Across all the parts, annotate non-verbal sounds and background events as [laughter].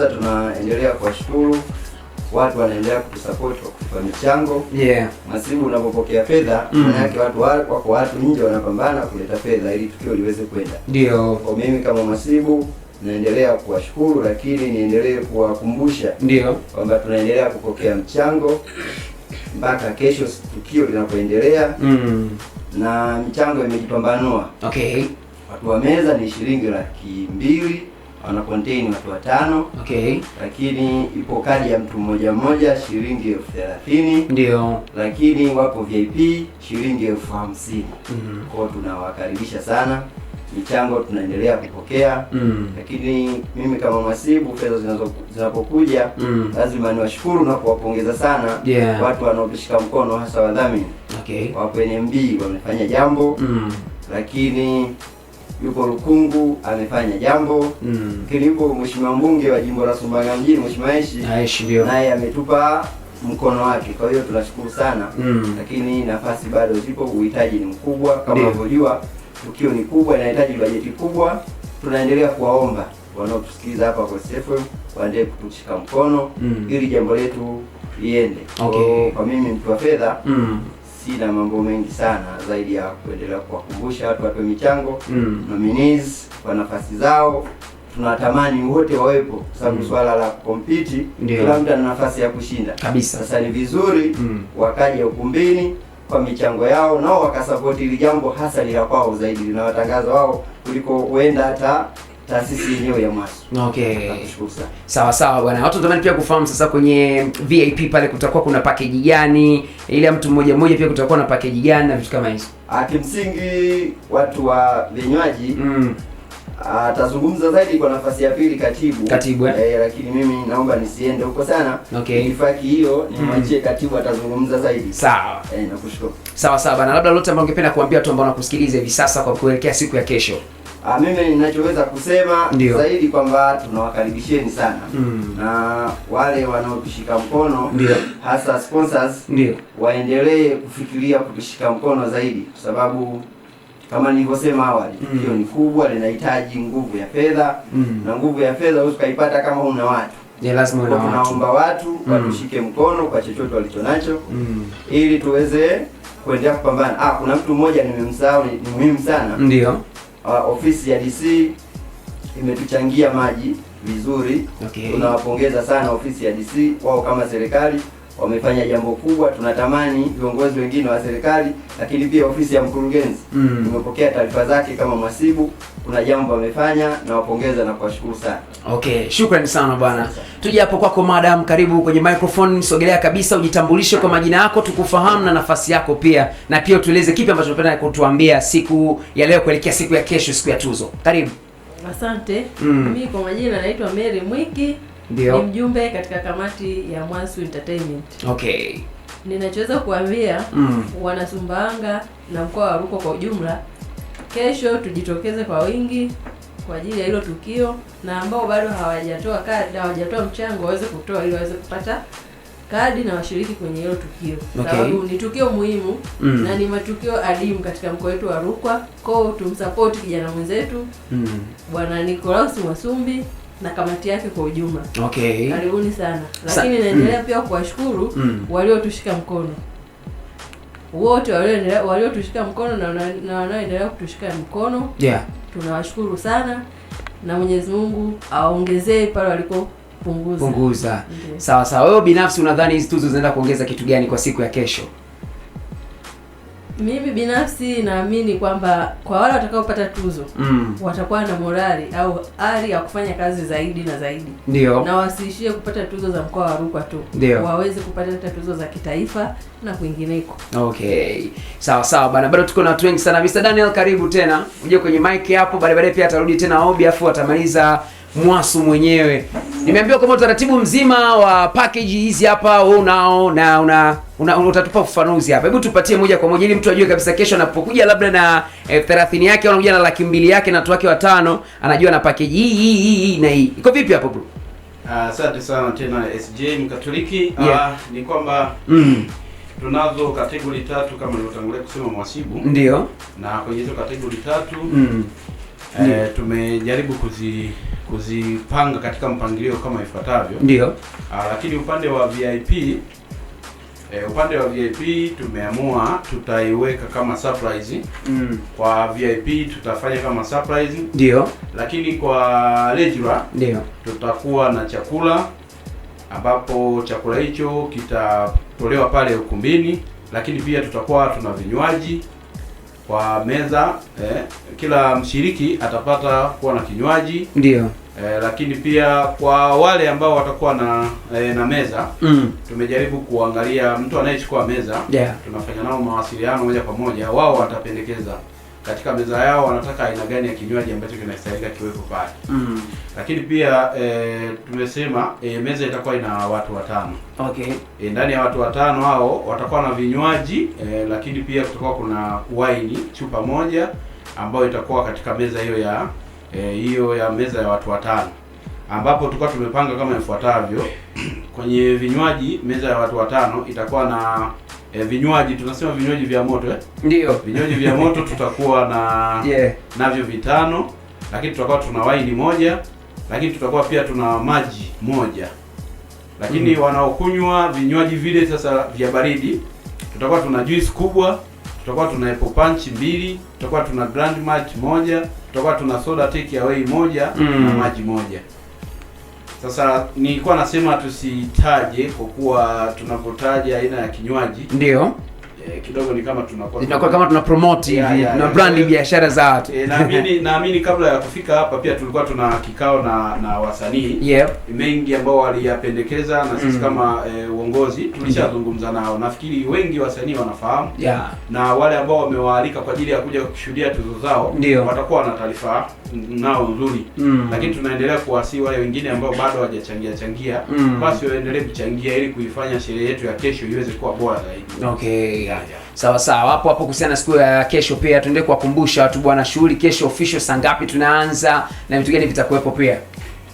Sasa tunaendelea kuwashukuru watu wanaendelea kutusupport kwa kutupa michango. Yeah. Masibu unapopokea fedha, mm. maana yake watu wako watu nje wanapambana kuleta fedha ili tukio liweze kwenda. Ndio. Kwa mimi kama Masibu naendelea kuwashukuru lakini niendelee kuwakumbusha ndio kwamba tunaendelea kupokea mchango mpaka kesho tukio linapoendelea. mm. na mchango imejipambanua. Okay. Watu wa meza ni shilingi laki mbili wana contain watu watano. Okay. Lakini ipo kadi ya mtu mmoja mmoja shilingi elfu thelathini. Ndio. Lakini wapo VIP shilingi elfu hamsini. Mm -hmm. Kwao tunawakaribisha sana, michango tunaendelea kupokea. Mm. Lakini mimi kama mwasibu, fedha zinapokuja mm. lazima niwashukuru na kuwapongeza sana yeah. watu wanaotushika mkono, hasa wadhamini. Okay. Wapo NMB wamefanya jambo mm. lakini yuko Lukungu amefanya jambo mm. Lakini yuko mheshimiwa mbunge wa jimbo la Sumbawanga mjini mheshimiwa Aishi naye ametupa mkono wake, kwa hiyo tunashukuru sana mm. Lakini nafasi bado zipo, uhitaji ni mkubwa kama unavyojua, tukio ni kubwa, inahitaji bajeti kubwa. Tunaendelea kuwaomba wanaotusikiliza hapa kwa FM waendelee kutushika mkono mm. ili jambo letu liende. Okay. Kwa mimi mtu wa fedha mm sina mambo mengi sana zaidi ya kuendelea kuwakumbusha watu watoe michango mm. nominees kwa nafasi zao tunatamani wote wawepo kwa sababu mm. swala la kompiti kila mtu ana nafasi ya kushinda kabisa. Sasa ni vizuri mm. wakaja ukumbini kwa michango yao nao wakasapoti hili jambo, hasa lila kwao zaidi linawatangaza wao kuliko huenda hata taasisi yenyewe ya Mwasu. Okay. Sawa sawa bwana. Watu natamani pia kufahamu sasa kwenye VIP pale kutakuwa kuna package gani? Ile ya mtu mmoja mmoja pia kutakuwa na package gani na vitu kama hizo? Ah, kimsingi watu wa vinywaji mm. Atazungumza ah, zaidi kwa nafasi ya pili katibu, katibu eh? eh lakini mimi naomba nisiende huko sana. Okay. Nifaki hiyo nimwachie mm. Katibu atazungumza zaidi. Sawa. Eh, nakushukuru. Sawa sawa bana, labda lote ambalo ungependa kuambia watu ambao wanakusikiliza hivi sasa kwa kuelekea siku ya kesho. Ah, mimi ninachoweza kusema Ndiyo. zaidi kwamba tunawakaribisheni sana mm. na wale wanaotushika mkono Ndiyo. hasa sponsors Ndiyo. waendelee kufikiria kutushika mkono zaidi, kwa sababu kama nilivyosema awali mm. hiyo ni kubwa, linahitaji nguvu ya fedha mm. na nguvu ya fedha huwezi kuipata kama una watu ni lazima una watu. Tunaomba watu hmm. watushike mkono kwa chochote walichonacho mm. ili tuweze kuendelea kupambana. Ah, kuna mtu mmoja nimemsahau, ni muhimu sana ndio uh, ofisi ya DC imetuchangia maji vizuri okay. Tunawapongeza sana ofisi ya DC, wao kama serikali wamefanya jambo kubwa. Tunatamani viongozi wengine wa serikali, lakini pia ofisi ya mkurugenzi mm. tumepokea taarifa zake kama mwasibu, kuna jambo wamefanya, na wapongeza na kuwashukuru sana. Okay, shukrani sana bwana. Tuje hapo kwako madam, karibu kwenye microphone, sogelea kabisa, ujitambulishe kwa majina yako tukufahamu na nafasi yako pia, na pia utueleze kipi ambacho unapenda kutuambia siku ya leo kuelekea siku ya kesho, siku ya tuzo. Karibu. Asante. Mm. kwa majina naitwa Mary Mwiki ndio. Ni mjumbe katika kamati ya Mwansu Entertainment. Okay. Ninachoweza kuambia mm. Wanasumbawanga na mkoa wa Rukwa kwa ujumla, kesho tujitokeze kwa wingi kwa ajili ya hilo tukio, na ambao bado hawajatoa kadi, hawajatoa mchango waweze kutoa ili waweze kupata kadi na washiriki kwenye hilo tukio okay. Sababu ni tukio muhimu mm. na ni matukio adimu katika mkoa wetu wa Rukwa, kwa tumsapoti kijana mwenzetu mm. Bwana Nicolaus Mwasumbi na kamati yake kwa ujumla. Okay, karibuni sana lakini Sa mm. naendelea mm. pia kuwashukuru mm. waliotushika mkono wote waliotushika mkono na na wanaoendelea kutushika mkono yeah. Tunawashukuru sana na Mwenyezi Mungu aongezee pale waliko punguza, punguza. Okay. Sawa sawa, wewe binafsi unadhani hizi tuzo zinaenda kuongeza kitu gani kwa siku ya kesho? Mimi binafsi naamini kwamba kwa wale watakaopata tuzo mm. watakuwa na morali au ari ya kufanya kazi zaidi na zaidi. Ndio. Na wasiishie kupata tuzo za mkoa wa Rukwa tu. Ndio. Waweze kupata hata tuzo za kitaifa na kwingineko. Okay. Sawa sawa bana. Bado tuko na watu wengi sana. Mr. Daniel karibu tena. Uje kwenye mike hapo, baadaye pia atarudi tena Obi afu atamaliza Mwasu mwenyewe. Nimeambiwa kwamba utaratibu mzima wa package hizi hapa wewe unaona una, una, una utatupa ufafanuzi hapa. Hebu tupatie moja kwa moja ili mtu ajue kabisa kesho anapokuja labda na elfu eh, thelathini yake au anakuja na laki mbili yake na watu wake watano anajua na package hii hii hii na hii. Iko vipi hapo bro? Ah, asante uh, sana tena SJ Mkatoliki. Ah, yeah. Uh, ni kwamba mm. Tunazo kategori tatu kama nilivyotangulia kusema mwasibu. Ndio. Na kwenye hizo kategori tatu mm e, tumejaribu kuzi kuzipanga katika mpangilio kama ifuatavyo. Ndio. Ah, lakini upande wa VIP e, eh, upande wa VIP tumeamua tutaiweka kama surprise. Mm. Kwa VIP tutafanya kama surprise. Ndio. Lakini kwa regular ndio tutakuwa na chakula ambapo chakula hicho kitatolewa pale ukumbini, lakini pia tutakuwa tuna vinywaji kwa meza eh, kila mshiriki atapata kuwa na kinywaji ndio. Eh, lakini pia kwa wale ambao watakuwa na eh, na meza mm. Tumejaribu kuangalia mtu anayechukua meza yeah. Tunafanya nao mawasiliano moja kwa moja, wao watapendekeza katika meza yao wanataka aina gani ya kinywaji ambacho kinastahili kiwepo pale. Mm. Lakini pia e, tumesema e, meza itakuwa ina watu watano. Okay. E, ndani ya watu watano hao watakuwa na vinywaji e, lakini pia kutakuwa kuna waini chupa moja ambayo itakuwa katika meza hiyo ya hiyo e, ya meza ya watu watano ambapo tulikuwa tumepanga kama ifuatavyo. [clears throat] Kwenye vinywaji meza ya watu watano itakuwa na E, vinywaji tunasema vinywaji vya moto eh? Ndio. Vinywaji vya moto tutakuwa na [laughs] yeah. navyo vitano, lakini tutakuwa tuna waini moja, lakini tutakuwa pia tuna maji moja. Lakini mm. wanaokunywa vinywaji vile sasa vya baridi tutakuwa tuna juice kubwa, tutakuwa tuna apple punch mbili, tutakuwa tuna grand match moja, tutakuwa tuna soda take away moja mm. na maji moja. Sasa nilikuwa nasema tusitaje kwa kuwa tunapotaja aina ya kinywaji ndio Eh, kidogo ni kama tunakuwa inakuwa kama tuna promote hivi yeah, yeah, na yeah, brand yeah, biashara za watu e, naamini [laughs] naamini kabla ya kufika hapa pia tulikuwa tuna kikao na na wasanii yeah. mengi ambao waliyapendekeza na sisi mm. kama e, uongozi tulishazungumza mm. nao. Nafikiri wengi wasanii wanafahamu yeah. na wale ambao wamewaalika kwa ajili ya kuja kushuhudia tuzo zao Ndiyo. watakuwa wana taarifa nao nzuri mm. lakini tunaendelea kuwasihi wale wengine ambao bado hawajachangia changia, mm. basi mm. waendelee kuchangia ili kuifanya sherehe yetu ya kesho iweze kuwa bora zaidi. Okay. Yeah. Sawa sawa, hapo hapo kuhusiana na siku ya kesho, pia tuendelee kuwakumbusha watu bwana, shughuli kesho official saa ngapi tunaanza na vitu gani vitakuwepo pia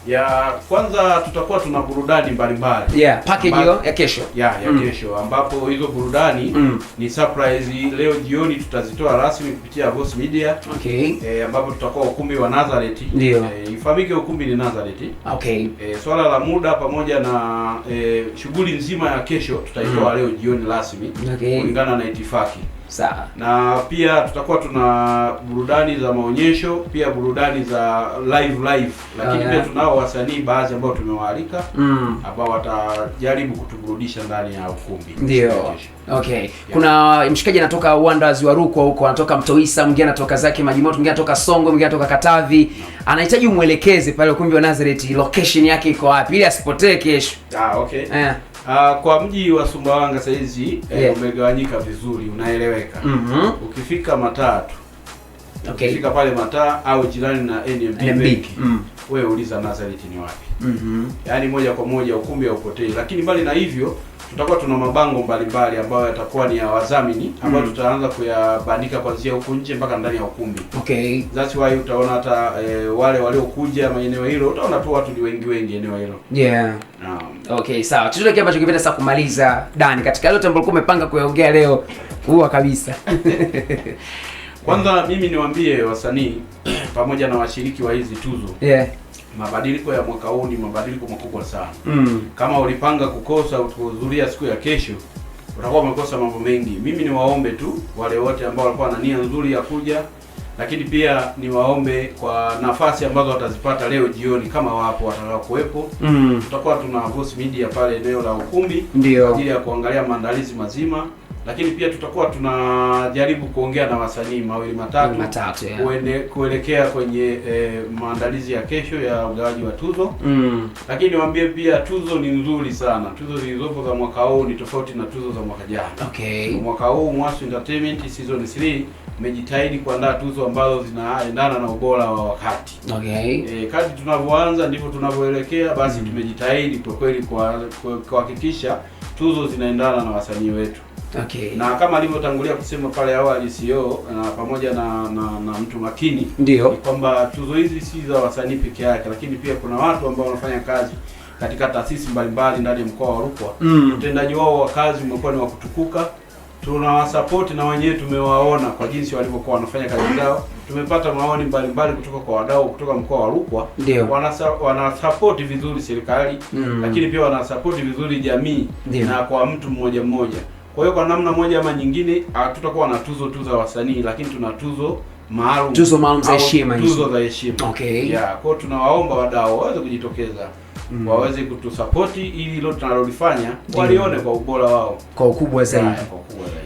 ya kwanza tutakuwa tuna burudani mbalimbali. Yeah, package hiyo ya kesho. Yeah, ya mm. kesho ambapo hizo burudani mm. ni surprise leo jioni tutazitoa rasmi kupitia Ghost Media. Okay. E, ambapo tutakuwa ukumbi wa Nazareth. Ndio. E, ifahamike ukumbi ni Nazareth. Okay. E, swala la muda pamoja na e, shughuli nzima ya kesho tutaitoa mm. leo jioni rasmi okay. kulingana na itifaki. Sawa. Na pia tutakuwa tuna burudani za maonyesho, pia burudani za live live, lakini ah, pia tunao wasanii baadhi ambao tumewaalika mm, ambao watajaribu kutuburudisha ndani ya ukumbi. Ndio. Okay. Yeah. Kuna mshikaji anatoka Wanda Ziwa Rukwa huko, anatoka Mtoisa, mwingine anatoka zake Majimoto, mwingine anatoka Songwe, mwingine anatoka Katavi. No. Anahitaji umwelekeze pale ukumbi wa Nazareth, location yake iko wapi ili asipotee kesho. Ah, okay. Yeah. Uh, kwa mji wa Sumbawanga saizi eh, yeah. Eh, umegawanyika vizuri unaeleweka. mm -hmm. Ukifika Matatu Okay. Fika pale mataa au jirani na NMB Bank, mm. wewe uliza Nazareth ni wapi? mm -hmm. Yaani moja kwa moja ukumbi haupotei, lakini mbali na hivyo tutakuwa tuna mabango mbalimbali ambayo yatakuwa ni ya wadhamini ambayo mm. tutaanza kuyabandika kuanzia huko nje mpaka ndani ya ukumbi. Okay. That's why utaona hata e, wale waliokuja maeneo hilo utaona tu watu ni wengi wengi eneo hilo. Yeah. Um, okay, sawa. Chochote kile ambacho kipenda sasa kumaliza Dani katika yote ambayo umepanga kuyaongea leo huwa kabisa [laughs] Kwanza mimi niwaambie wasanii [clears throat] pamoja na washiriki wa hizi tuzo yeah. Mabadiliko ya mwaka huu ni mabadiliko makubwa sana mm. Kama ulipanga kukosa kuhudhuria siku ya kesho, utakuwa umekosa mambo mengi. Mimi niwaombe tu wale wote ambao walikuwa na nia nzuri ya kuja, lakini pia niwaombe kwa nafasi ambazo watazipata leo jioni, kama wapo watakao kuwepo mm. tuna Voice Media pale eneo la ukumbi kwa ajili ya kuangalia maandalizi mazima lakini pia tutakuwa tunajaribu kuongea na wasanii mawili matatu mm, matatu kuende, kuelekea kwenye eh, maandalizi ya kesho ya ugawaji wa tuzo mm. Lakini niwaambie pia tuzo ni nzuri sana. Tuzo zilizopo za mwaka huu ni tofauti na tuzo za mwaka jana. Okay. Mwaka huu Mwasu Entertainment season 3 imejitahidi kuandaa tuzo ambazo zinaendana na ubora wa wakati. Okay. E, kadri tunavyoanza ndivyo tunavyoelekea basi mm. Tumejitahidi kwa kweli kuhakikisha tuzo zinaendana na wasanii wetu okay. Na kama alivyotangulia kusema pale awali CEO na pamoja na, na, na mtu makini ndio kwamba tuzo hizi si za wasanii peke yake, lakini pia kuna watu ambao wanafanya kazi katika taasisi mbalimbali ndani ya mkoa wa Rukwa mm. wao wa kazi umekuwa ni wa kutukuka tunawasapoti na wenyewe tumewaona kwa jinsi walivyokuwa wanafanya kazi zao. Tumepata maoni mbalimbali kutoka kwa wadau kutoka mkoa wa Rukwa, wanasapoti vizuri serikali mm. lakini pia wanasapoti vizuri jamii Dio. na kwa mtu mmoja mmoja kwa hiyo kwa namna moja ama nyingine ah, tutakuwa na tuzo tu za wasanii, lakini tuna tuzo maalum, tuzo maalum za heshima, tuzo za heshima. Okay, yeah. Kwa hiyo tunawaomba wadau waweze kujitokeza Mm. waweze kutusapoti ili lolote tunalolifanya walione kwa ubora wao kwa ukubwa zaidi.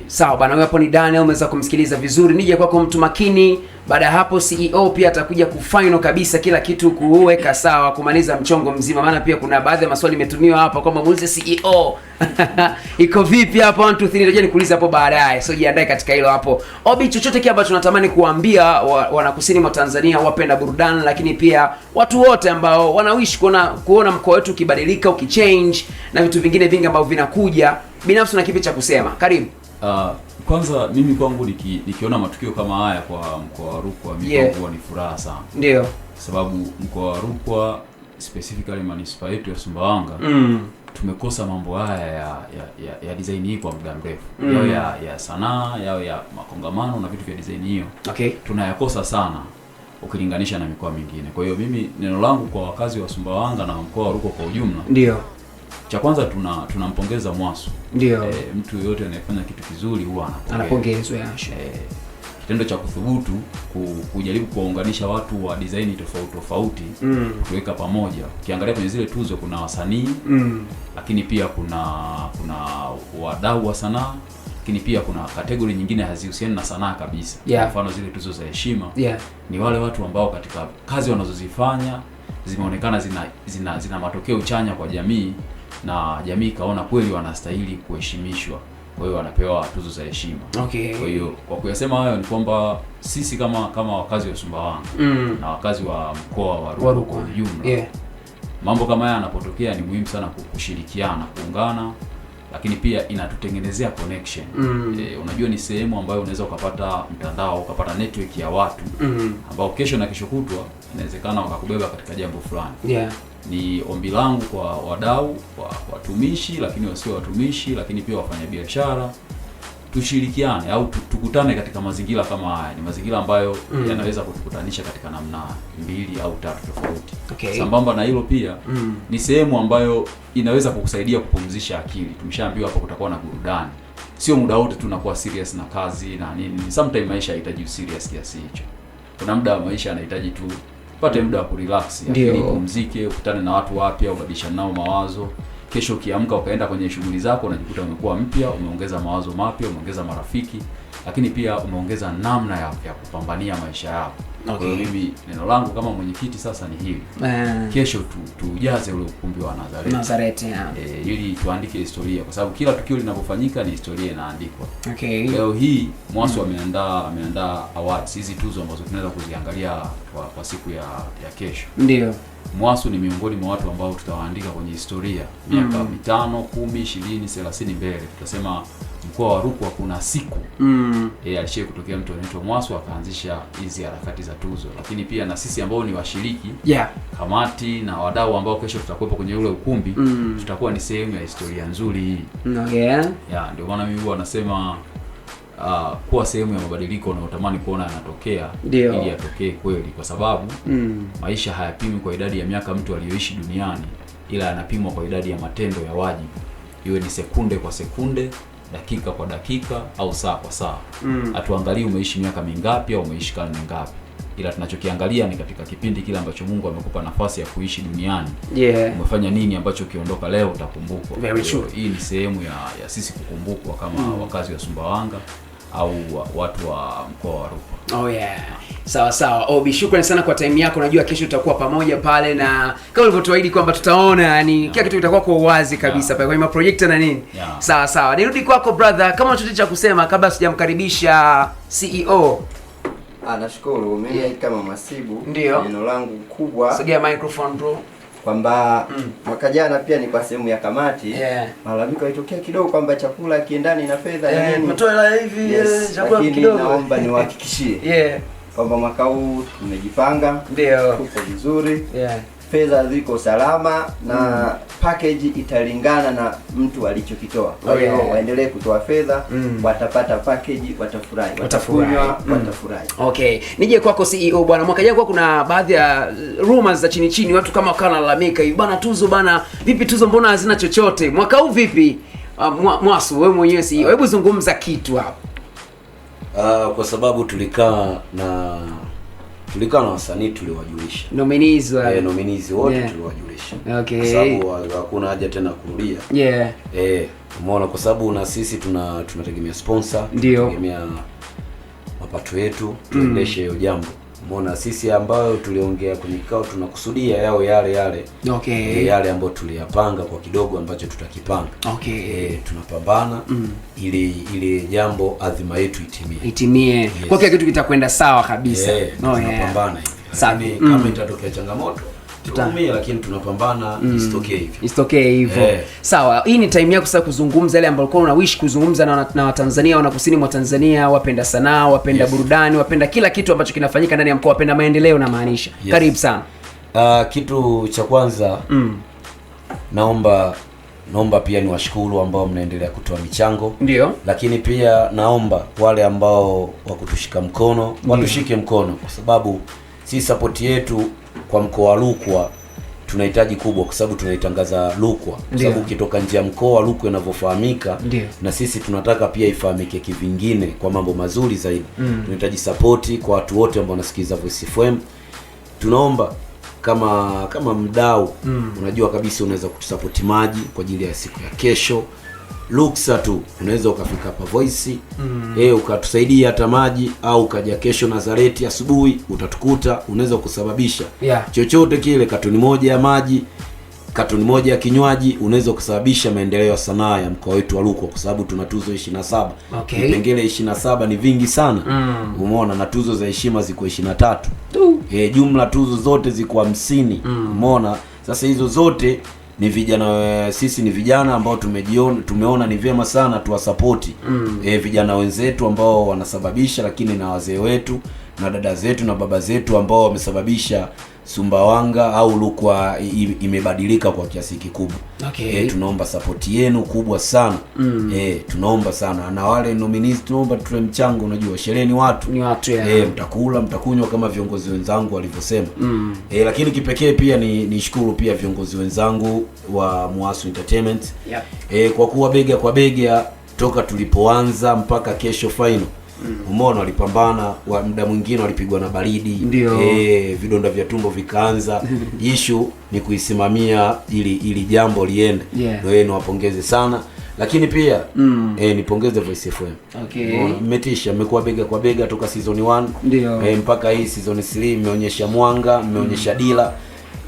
Sawa bana, hapo ni Daniel, umeweza kumsikiliza vizuri. Nije kwako mtu makini baada ya hapo CEO pia atakuja kufaino kabisa kila kitu, kuweka sawa, kumaliza mchongo mzima, maana pia kuna baadhi ya maswali imetumiwa hapa kwamba muulize CEO [laughs] iko vipi hapo, 1 2 3. Ngoja nikuulize hapo baadaye, so jiandae katika hilo hapo. Obi, chochote kile ambacho tunatamani kuambia wanakusini wa mwa Tanzania, wapenda burudani, lakini pia watu wote ambao wanawishi kuona kuona mkoa wetu ukibadilika, ukichange na vitu vingine vingi ambavyo vinakuja, binafsi na kipi cha kusema? Karibu. Uh, kwanza mimi kwangu niki, nikiona matukio kama haya kwa mkoa wa Rukwa mimi yeah, kwangu ni furaha sana. Ndio. Sababu mkoa wa Rukwa specifically manispaa yetu ya Sumbawanga mm, tumekosa mambo haya ya ya, ya, ya design hii kwa muda mrefu. Mm. Yao ya, ya sanaa, yao ya makongamano na vitu vya design hiyo. Okay. Tunayakosa sana ukilinganisha na mikoa mingine. Kwa hiyo mimi neno langu kwa wakazi wa Sumbawanga na mkoa wa Rukwa kwa ujumla. Ndio cha kwanza tuna tunampongeza Mwasu. Ndio. E, mtu yoyote anayefanya kitu kizuri huwa anapongezwa. E, eh, kitendo cha kuthubutu kujaribu kuwaunganisha watu wa design tofauti tofauti mm. kuweka pamoja. Ukiangalia kwenye zile tuzo kuna wasanii mm. lakini pia kuna kuna wadau wa sanaa lakini pia kuna kategori nyingine hazihusiani na sanaa kabisa. Yeah. Kwa mfano zile tuzo za heshima yeah. ni wale watu ambao katika kazi wanazozifanya zimeonekana zina, zina, zina matokeo chanya kwa jamii na jamii ikaona kweli wanastahili kuheshimishwa, kwa hiyo wanapewa tuzo za heshima. Okay. Kwa hiyo kwa kuyasema hayo ni kwamba sisi kama kama wakazi wa Sumbawanga mm. na wakazi wa mkoa wa Rukwa kwa ujumla yeah. mambo kama haya yanapotokea ni muhimu sana kushirikiana, kuungana lakini pia inatutengenezea connection mm. E, unajua ni sehemu ambayo unaweza ukapata mtandao ukapata network ya watu mm. ambao kesho na kesho kutwa inawezekana wakakubeba katika jambo fulani yeah. Ni ombi langu kwa wadau kwa watumishi, lakini wasio watumishi, lakini pia wafanyabiashara, tushirikiane au tukutane katika mazingira kama haya. Ni mazingira ambayo mm. yanaweza kutukutanisha katika namna mbili au tatu tofauti. okay. Sambamba na hilo pia mm. ni sehemu ambayo inaweza kukusaidia kupumzisha akili. Tumeshaambiwa hapa kutakuwa na burudani, sio muda wote tunakuwa serious na kazi na nini. Sometimes maisha hayahitaji serious kiasi hicho. Kuna muda wa maisha yanahitaji tu pate muda wa kurelax, ndio pumzike ukutane na watu wapya, ubadilishane nao mawazo kesho ukiamka ukaenda kwenye shughuli zako unajikuta umekuwa mpya, umeongeza mawazo mapya, umeongeza marafiki, lakini pia umeongeza namna ya, ya kupambania maisha yako. Okay. Kwa mimi neno langu kama mwenyekiti sasa ni hili uh, kesho tu, ule ukumbi wa Nazareti, Nazareti e, ili tuandike historia, kwa sababu kila tukio linapofanyika ni historia inaandikwa. Okay. Leo hii Mwasu mm. ameandaa ameandaa awards hizi tuzo ambazo tunaweza kuziangalia kwa, kwa siku ya, ya kesho ndio Mwasu ni miongoni mwa watu ambao tutawaandika kwenye historia miaka mm. mitano, kumi, ishirini, thelathini mbele. Tutasema mkoa wa Rukwa kuna siku mm. e, kutokea mtu anaitwa Mwasu akaanzisha hizi harakati za tuzo, lakini pia na sisi ambao ni washiriki yeah. kamati na wadau ambao kesho tutakuwepo kwenye ule ukumbi mm. tutakuwa ni sehemu ya historia nzuri hii okay. ndio maana mimi nasema uh, kuwa sehemu ya mabadiliko unayotamani kuona yanatokea ili yatokee kweli, kwa sababu mm. maisha hayapimwi kwa idadi ya miaka mtu aliyoishi duniani, ila yanapimwa kwa idadi ya matendo ya wajibu, iwe ni sekunde kwa sekunde, dakika kwa dakika, au saa kwa saa. Mm. Hatuangalii mm. umeishi miaka mingapi au umeishi karne ngapi ila tunachokiangalia ni katika kipindi kile ambacho Mungu amekupa nafasi ya kuishi duniani. Yeah. Umefanya nini ambacho ukiondoka leo utakumbukwa. Hii ni sehemu ya, ya sisi kukumbukwa kama mm. wakazi wa Sumbawanga au watu wa mkoa wa Rukwa. Oh yeah. Sawa sawa. Obi, shukrani sana kwa time yako. Najua kesho tutakuwa pamoja pale na kama ulivyotuahidi kwamba tutaona yani yeah. Kila kitu kitakuwa kwa uwazi kabisa yeah. Pale kwenye maprojekta na nini. Yeah. Sawa sawa. Nirudi kwako brother, kama chochote cha kusema kabla sijamkaribisha CEO. Ah, nashukuru. Mimi yeah. Kama Masibu, neno langu kubwa. Sogea microphone bro kwamba mm. mwaka jana pia ni kwa sehemu ya kamati yeah. Malalamiko yalitokea kidogo kwamba chakula kiendani na fedha yeah, yani mtoela hivi yes, eh, chakula kidogo. Naomba [laughs] niwahakikishie yeah. kwamba mwaka huu tumejipanga, ndio tuko vizuri yeah fedha ziko salama na mm. package italingana na mtu alichokitoa. Kwa hiyo okay. Oh, waendelee kutoa fedha mm. watapata package, watafurahi, watakunywa, mm. watafurahi mm. okay. Nije kwako CEO bwana, mwaka jana kwa kuna baadhi ya rumors za chini chini, watu kama wakawa nalalamika hivi bwana, tuzo bwana, vipi tuzo mbona hazina chochote? Mwaka huu vipi? Uh, Mwasu wewe mwenyewe CEO, hebu zungumza kitu hapo. Uh, kwa sababu tulikaa na tulikaa na wasanii tuliwajulisha nominees wa eh, nominees wote yeah. tuliwajulisha okay. kwa sababu hakuna haja tena kurudia yeah. eh, umeona kwa sababu na sisi tuna tunategemea sponsor tunategemea mapato yetu tuendeshe mm. hiyo jambo Mbona sisi ambayo tuliongea kwenye kikao tunakusudia yao yale yale okay. yale ambayo tuliyapanga kwa kidogo ambacho tutakipanga okay. E, tunapambana mm. ili ili jambo adhima yetu itimie, itimie. Yes. kwa kila kitu kitakwenda sawa kabisa e, no, oh, tunapambana yeah. Sabi, mm. kama mm. itatokea changamoto tunaumia lakini tunapambana mm. Isitokee hivyo, hivyo yeah. Sawa, hii ni time yako sasa kuzungumza yale ambayo ulikuwa unawish kuzungumza na, na Watanzania wana kusini mwa Tanzania, wapenda sanaa, wapenda yes. burudani, wapenda kila kitu ambacho kinafanyika ndani ya mkoa, wapenda maendeleo na maanisha yes. Karibu sana. Uh, kitu cha kwanza mm. naomba naomba pia niwashukuru ambao mnaendelea kutoa michango ndio, lakini pia naomba wale ambao wakutushika mkono watushike mkono, kwa sababu si sapoti yetu kwa mkoa wa Rukwa tunahitaji kubwa kwa sababu tunaitangaza Rukwa, kwa sababu ukitoka nje ya mkoa Rukwa inavyofahamika, na sisi tunataka pia ifahamike kivingine kwa mambo mazuri zaidi. Mm. Tunahitaji sapoti kwa watu wote ambao wanasikiliza Voice FM. Tunaomba kama kama mdau mm. Unajua kabisa unaweza kutusapoti maji kwa ajili ya siku ya kesho ruksa tu unaweza ukafika hapa Voice mm. eh, ukatusaidia hata maji au ukaja kesho Nazareti asubuhi utatukuta, unaweza kusababisha yeah. chochote kile, katuni moja ya maji, katuni moja ya kinywaji, unaweza kusababisha maendeleo ya sanaa ya mkoa wetu wa Rukwa, kwa sababu tuna tuzo 27 okay. vipengele 27 ni vingi sana mm. umeona, na tuzo za heshima ziko 23 eh, jumla tuzo zote ziko 50 mm. umeona sasa hizo zote ni vijana sisi ni vijana ambao tumejiona tumeona ni vyema sana tuwasapoti mm. E, vijana wenzetu ambao wanasababisha, lakini na wazee wetu na dada zetu na baba zetu ambao wamesababisha Sumbawanga au Rukwa imebadilika kwa kiasi kikubwa. Okay. E, tunaomba support yenu kubwa sana mm. E, tunaomba sana na wale nominees, tunaomba tutoe mchango. Unajua sherehe ni watu ni watu yeah. E, mtakula mtakunywa kama viongozi wenzangu walivyosema mm. E, lakini kipekee pia ni nishukuru pia viongozi wenzangu wa Mwasu Entertainment yep. E, kwa kuwa bega kwa bega toka tulipoanza mpaka kesho final mm. Umeona, walipambana wa muda mwingine walipigwa na baridi e, vidonda vya tumbo vikaanza [laughs] ishu ni kuisimamia ili ili jambo liende, yeah. Ndio yeye niwapongeze sana lakini pia mm. eh, nipongeze Voice FM. Okay. Mmetisha, mmekuwa bega kwa bega toka season 1 eh, mpaka hii season 3 mmeonyesha mwanga, mmeonyesha mm. dira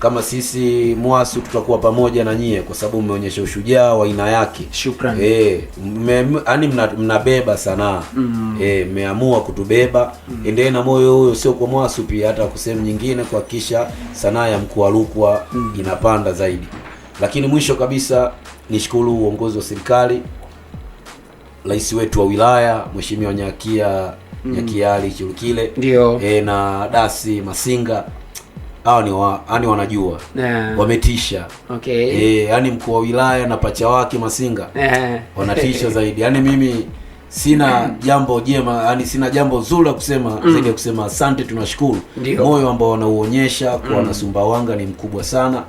kama sisi Mwasu tutakuwa pamoja na nyie kwa sababu mmeonyesha ushujaa wa aina yake. Shukrani. Eh, yaani mnabeba sanaa. Mm. Eh, mmeamua kutubeba. Mm. Endelee na moyo huyo sio kwa Mwasu pia hata kwa sehemu nyingine kuhakikisha sanaa ya mkoa Rukwa mm. inapanda zaidi. Lakini mwisho kabisa nishukuru uongozi wa serikali, rais wetu wa wilaya Mheshimiwa Nyakia Mm. Nyakia Ali Churukile ndio, e, na Dasi Masinga hao ni wa, yani wanajua yeah. Wametisha okay. E, eh, yani mkuu wa wilaya na pacha wake Masinga yeah. Wanatisha [laughs] zaidi yani mimi sina jambo jema yani sina jambo zuri la kusema mm. zaidi ya kusema asante, tunashukuru. Moyo ambao wanauonyesha kwa mm. Sumbawanga ni mkubwa sana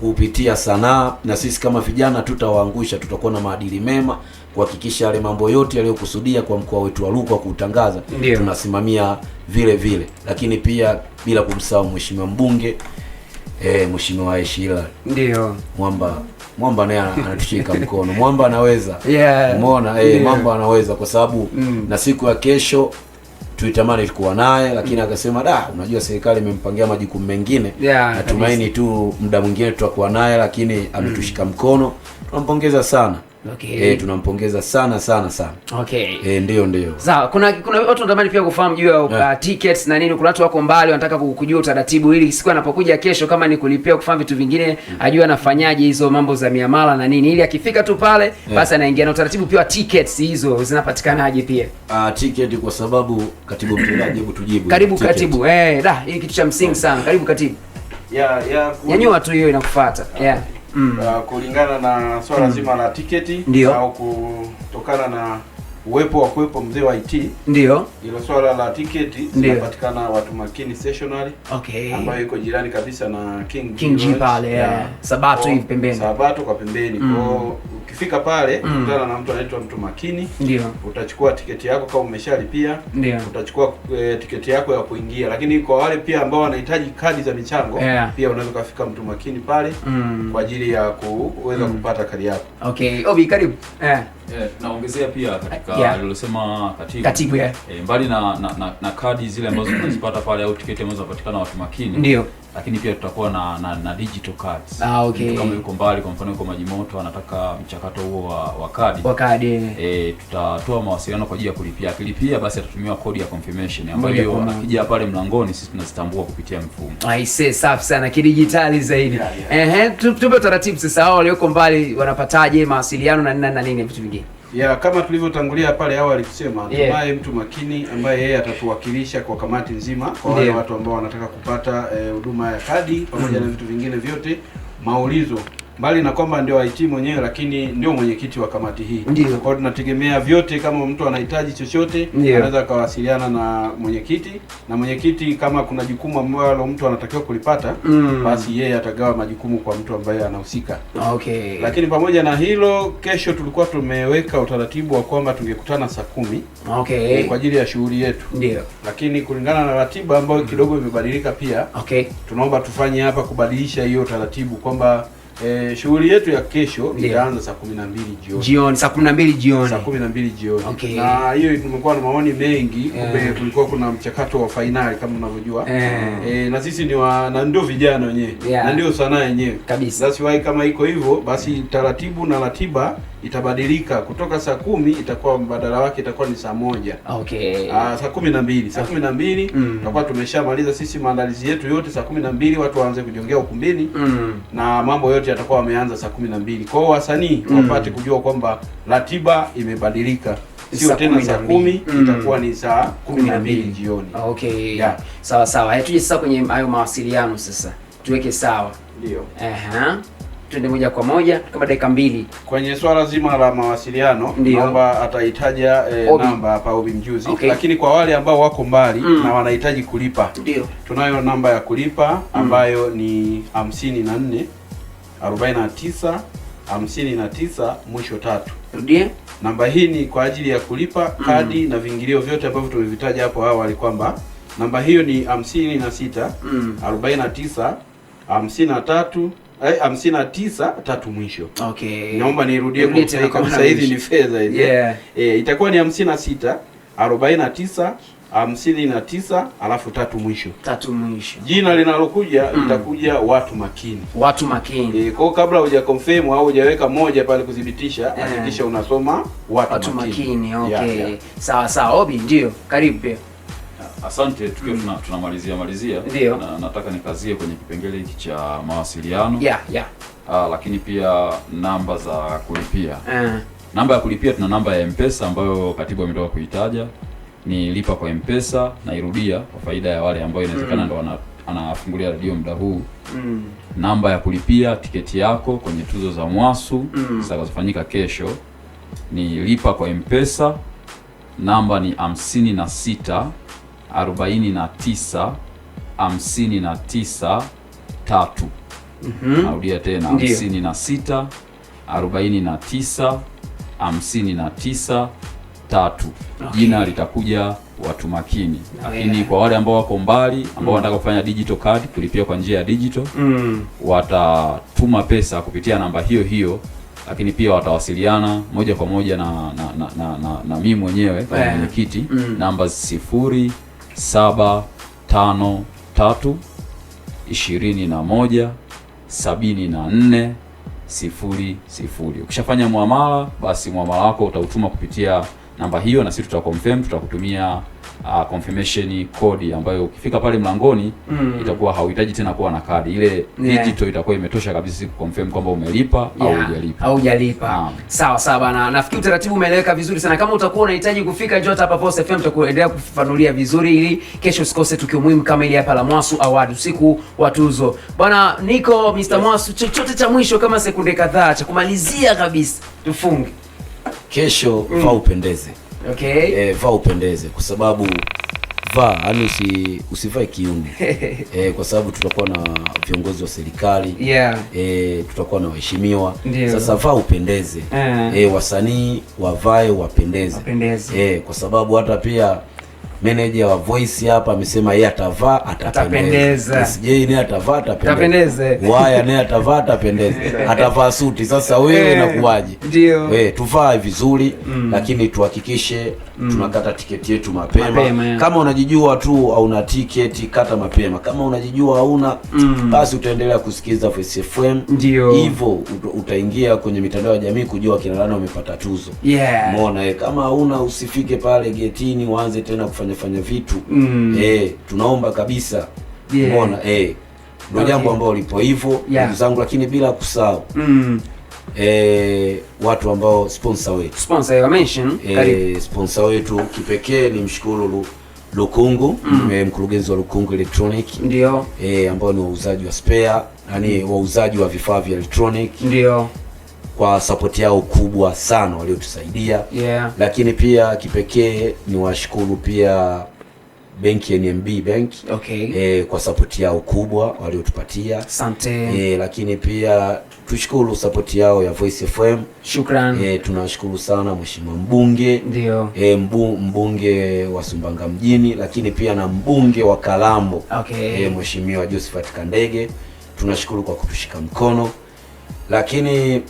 kupitia sanaa, na sisi kama vijana tutawaangusha, tutakuwa na maadili mema kuhakikisha yale mambo yote yaliyokusudia kwa mkoa wetu wa Rukwa kuutangaza tunasimamia vile vile, lakini pia bila kumsahau mheshimiwa mbunge eh, mheshimiwa Aishila ndio mwamba mwamba naye anatushika mkono mwamba anaweza yeah. Umeona eh, mwamba anaweza kwa sababu mm. na siku ya kesho tuitamani kuwa naye lakini mm. akasema da, unajua serikali imempangia majukumu mengine yeah, natumaini tu muda mwingine tutakuwa naye, lakini ametushika mm. mkono, tunampongeza sana. Okay. Eh, tunampongeza sana sana sana. Okay. Eh, ndio ndio. Sawa, kuna kuna watu wanatamani pia kufahamu juu ya yeah, uh, eh. tickets na nini. Kuna watu wako mbali wanataka kukujua utaratibu ili siku anapokuja kesho kama ni kulipia kufahamu vitu vingine, mm, ajue anafanyaje hizo mambo za miamala na nini ili akifika tu pale yeah, basi anaingia na utaratibu pia tickets hizo zinapatikanaje pia? Ah, uh, ticket kwa sababu katibu mtendaji hebu tujibu. Karibu ticket. Katibu. Eh, da, hii kitu cha msingi sana. Karibu katibu. Ya yeah, ya yeah, Yanyua tu hiyo inakufuata. Ah. Yeah mm. uh, kulingana na swala mm. zima la tiketi Ndiyo. au kutokana na uwepo wa kuwepo mzee wa IT ndio, ilo swala la tiketi zinapatikana watu makini stationary, okay, ambayo iko jirani kabisa na King King G pale, yeah. Sabato hivi pembeni, Sabato kwa pembeni mm. kwa Ukifika pale utakutana mm. na mtu anaitwa mtu makini. Ndio. Utachukua tiketi yako kama umeshalipia. Ndio. Utachukua e, tiketi yako ya kuingia, lakini kwa wale pia ambao wanahitaji kadi za michango yeah. pia unaweza kufika mtu makini pale mm. kwa ajili ya kuweza mm. kupata kadi yako. Okay, Obi karibu. Eh. Yeah. Yeah, naongezea pia katika yeah. alilosema katibu. Katibu yeah. E, mbali na na, na, na kadi zile ambazo tunazipata [coughs] pale au tiketi ambazo zinapatikana watu makini. Ndio lakini pia tutakuwa na, na, na digital cards. Ah, okay. Mtu kama yuko mbali, kwa mfano yuko maji moto, anataka mchakato huo wa, wa kadi wa kadi eh. e, tutatoa mawasiliano kwa ajili ya kulipia. Akilipia basi atatumiwa kodi ya confirmation ambayo hiyo akija pale mlangoni sisi tunazitambua kupitia mfumo. Ah, I say safi sana kidigitali zaidi. Yeah, yeah. Ehe, tupe taratibu sasa, hao walioko mbali wanapataje mawasiliano na nini na nini vitu vingine ya kama tulivyotangulia pale awali kusema yeah. Tunaye mtu makini ambaye yeye atatuwakilisha kwa kamati nzima kwa wale yeah. watu ambao wanataka kupata eh, huduma eh, ya kadi pamoja mm -hmm. na vitu vingine vyote maulizo mbali na kwamba ndio IT mwenyewe lakini ndio mwenyekiti wa kamati hii. Ndio. Kwa tunategemea vyote, kama mtu anahitaji chochote anaweza akawasiliana na mwenyekiti, na mwenyekiti kama kuna jukumu ambalo mtu anatakiwa kulipata mm. basi yeye atagawa majukumu kwa mtu ambaye anahusika. Okay. Lakini pamoja na hilo, kesho tulikuwa tumeweka utaratibu wa kwamba tungekutana saa kumi okay. kwa ajili ya shughuli yetu. Ndio. Lakini kulingana na ratiba ambayo mm. kidogo imebadilika pia okay. tunaomba tufanye hapa kubadilisha hiyo taratibu kwamba Eh, shughuli yetu ya kesho itaanza saa 12 jioni. Jioni saa 12 jioni. Saa 12 jioni. Okay. Na hiyo tumekuwa na maoni mengi eh. kumbe yeah. Kulikuwa kuna mchakato wa fainali kama unavyojua. Yeah. Eh, na sisi ni wa na ndio vijana wenyewe. Yeah. Na ndio sanaa yenyewe. Kabisa. That's why kama iko hivyo basi taratibu na ratiba itabadilika kutoka saa kumi itakuwa mbadala wake itakuwa ni saa moja. Okay. Ah, saa kumi na mbili saa kumi na mbili mm. tutakuwa tumeshamaliza sisi maandalizi yetu yote, saa kumi na mbili watu waanze kujongea ukumbini mm. na mambo yote yote yatakuwa wameanza saa kumi na mbili kwao wasanii mm. wapate kujua kwamba ratiba imebadilika sio tena saa kumi mm. itakuwa ni saa kumi na mbili jioni. Okay, yeah. Sawa sawa, tuje sasa kwenye hayo mawasiliano sasa tuweke sawa, ndio tuende moja kwa moja kama dakika mbili kwenye swala zima la mawasiliano, naomba atahitaja e, namba hapa Obi Mjuzi. Okay. Lakini kwa wale ambao wako mbali mm. na wanahitaji kulipa, ndio tunayo namba ya kulipa mm. ambayo mm. ni hamsini na nne 49 mwisho tatu. Rudie. Namba hii ni kwa ajili ya kulipa kadi mm. na viingilio vyote ambavyo tumevitaja hapo awali kwamba namba hiyo ni 56 mm. 49 53 eh, 59 tatu mwisho. Okay. Naomba nirudie kwa sababu hizi ni fedha hizi. Yeah. E, itakuwa ni 56 49 hamsini na tisa alafu tatu mwisho, tatu mwisho. Jina linalokuja litakuja mm. watu makini, watu makini. E, kwa kabla huja confirm au hujaweka moja pale kuthibitisha, eh. hakikisha yeah. unasoma watu, watu makini, makini. Okay. Yeah, yeah. Sawa sawa, Obi, ndio karibu pia. Asante, tukiwa mm. tunamalizia malizia, ndio Na, nataka nikazie kwenye kipengele hiki cha mawasiliano yeah, yeah. Ah, lakini pia namba za kulipia mm. Namba ya kulipia tuna namba ya Mpesa ambayo katibu ametoka kuitaja ni lipa kwa Mpesa, nairudia kwa faida ya wale ambao inawezekana mm. ndo anafungulia anafungulia redio muda huu mm. namba ya kulipia tiketi yako kwenye tuzo za Mwasu mm. zitakazofanyika kesho ni lipa kwa Mpesa, namba ni hamsini na sita arobaini na tisa hamsini na tisa tatu. mm -hmm. Narudia tena hamsini na sita arobaini na tisa hamsini na tisa tatu. Okay. Jina litakuja watu makini, lakini kwa wale ambao wako mbali ambao mm. wanataka kufanya digital card kulipia kwa njia ya digital mm. watatuma pesa kupitia namba hiyo hiyo, lakini pia watawasiliana moja kwa moja na na, na, na, na, na mimi mwenyewe kama mwenyekiti mm. namba sifuri saba tano tatu ishirini na moja sabini na nne sifuri sifuri. Ukishafanya muamala, basi muamala wako utautuma kupitia namba hiyo, na sisi tutakonfirm, tutakutumia uh, confirmation code ambayo ukifika pale mlangoni mm. itakuwa hauhitaji tena kuwa na kadi ile yeah. Digital itakuwa imetosha kabisa kuconfirm kwamba umelipa yeah. au hujalipa au hujalipa. Sawa sawa bana, nafikiri utaratibu umeeleweka vizuri sana. Kama utakuwa unahitaji kufika Jota hapa Post FM, tutakuendelea kufafanulia vizuri, ili kesho usikose tukio muhimu kama ile hapa la Mwasu Award usiku wa tuzo. Bwana Nico Mr. Mwasu, chochote cha mwisho kama sekunde kadhaa cha kumalizia kabisa, tufunge kesho mm. Vaa upendeze okay. E, vaa upendeze kwa sababu vaa yani usi, usivae kiuni [laughs] e, eh, kwa sababu tutakuwa na viongozi wa serikali yeah. E, tutakuwa na waheshimiwa sasa, vaa upendeze uh. E, wasanii wavae wapendeze, wapendeze. E, kwa sababu hata pia meneja wa Voice hapa amesema yeye atavaa atapendeza, SJ naye atavaa atapendeza, Waya naye atavaa atapendeza, [laughs] atavaa suti. Sasa wewe eh, inakuwaje? Ndio, Wewe eh, tuvaa vizuri mm. lakini tuhakikishe mm. tunakata tiketi yetu mapema, mapema ya. kama unajijua tu au una tiketi kata mapema, kama unajijua hauna mm. basi utaendelea kusikiliza Voice FM, ndio hivyo utaingia kwenye mitandao ya jamii kujua kina nani wamepata tuzo yeah. Umeona eh, kama hauna usifike pale getini uanze tena kufanya fanya vitu mm. eh, tunaomba kabisa yeah. Umeona eh ndio jambo okay. ambalo lipo hivyo ndugu yeah. zangu, lakini bila kusahau mm eh, watu ambao sponsor wetu sponsor mention, eh, sponsor wetu kipekee ni mshukuru Lukungu mm. eh, mkurugenzi wa Lukungu Electronic ndio eh, ambao ni wauzaji wa spare yani mm. wauzaji wa vifaa vya electronic ndio kwa support yao kubwa sana waliotusaidia yeah. Lakini pia kipekee ni washukuru pia benki NMB Bank okay. E, kwa support yao kubwa waliotupatia asante. E, lakini pia tushukuru sapoti yao ya Voice FM. Shukrani. E, eh, tunashukuru sana mheshimiwa mbunge ndio, e, mbu, mbunge wa sumbanga mjini lakini pia na mbunge wa Kalambo okay. E, mheshimiwa Josephat Kandege tunashukuru kwa kutushika mkono, lakini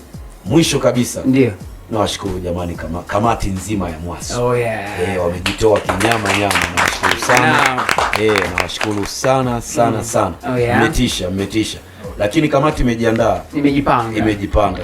mwisho kabisa ndio nawashukuru jamani, kama, kamati nzima ya mwaso oh, yeah. E, wamejitoa kinyama nyama, nawashukuru sana no. E, nawashukuru sana sana mm. sana oh, yeah. mmetisha lakini kamati imejiandaa, imejipanga, imejipanga